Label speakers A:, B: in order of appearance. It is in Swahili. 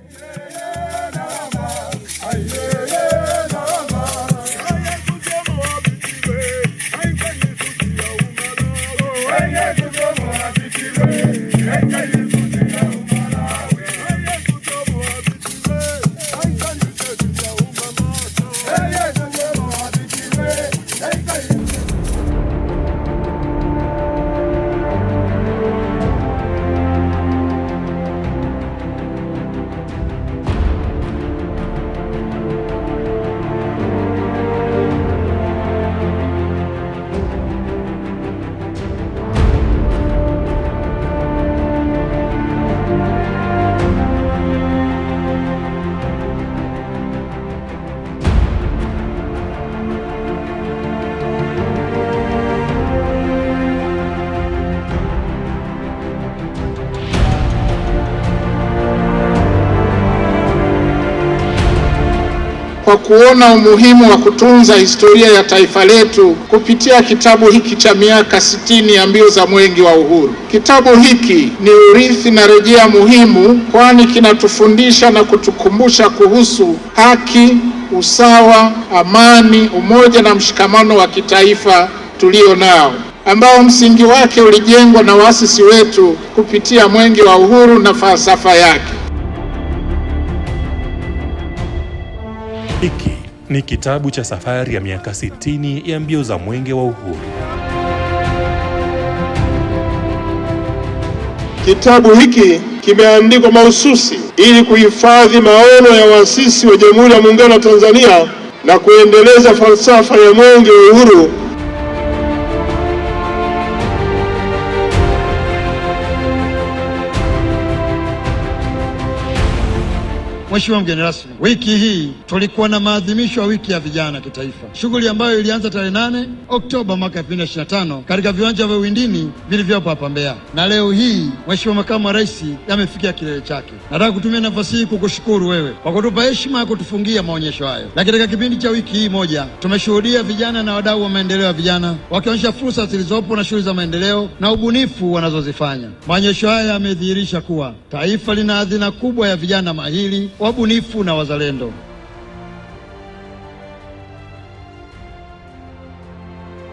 A: Yeah. kwa kuona umuhimu wa kutunza historia ya taifa letu kupitia kitabu hiki cha miaka sitini ya mbio za Mwenge wa Uhuru. Kitabu hiki ni urithi na rejea muhimu, kwani kinatufundisha na kutukumbusha kuhusu haki, usawa, amani, umoja na mshikamano wa kitaifa tulio nao ambao msingi wake ulijengwa na waasisi wetu kupitia Mwenge wa Uhuru na falsafa yake.
B: Hiki ni kitabu cha safari ya miaka 60 ya mbio za Mwenge wa Uhuru.
C: Kitabu hiki kimeandikwa mahususi ili kuhifadhi maono ya waasisi wa Jamhuri ya Muungano wa Tanzania na kuendeleza falsafa ya Mwenge wa Uhuru
D: Mheshimiwa mgeni rasmi, wiki hii tulikuwa na maadhimisho ya wiki ya vijana kitaifa, shughuli ambayo ilianza tarehe 8 Oktoba mwaka 2025 katika viwanja vya Uhindini vilivyopo hapa Mbeya, na leo hii Mheshimiwa makamu wa rais yamefikia kilele chake. Nataka kutumia nafasi hii kukushukuru wewe kwa kutupa heshima ya kutufungia maonyesho hayo, na katika kipindi cha wiki hii moja tumeshuhudia vijana na wadau wa maendeleo ya vijana wakionyesha fursa zilizopo na shughuli za maendeleo na ubunifu wanazozifanya. Maonyesho haya yamedhihirisha kuwa taifa lina adhina kubwa ya vijana mahiri wabunifu na wazalendo.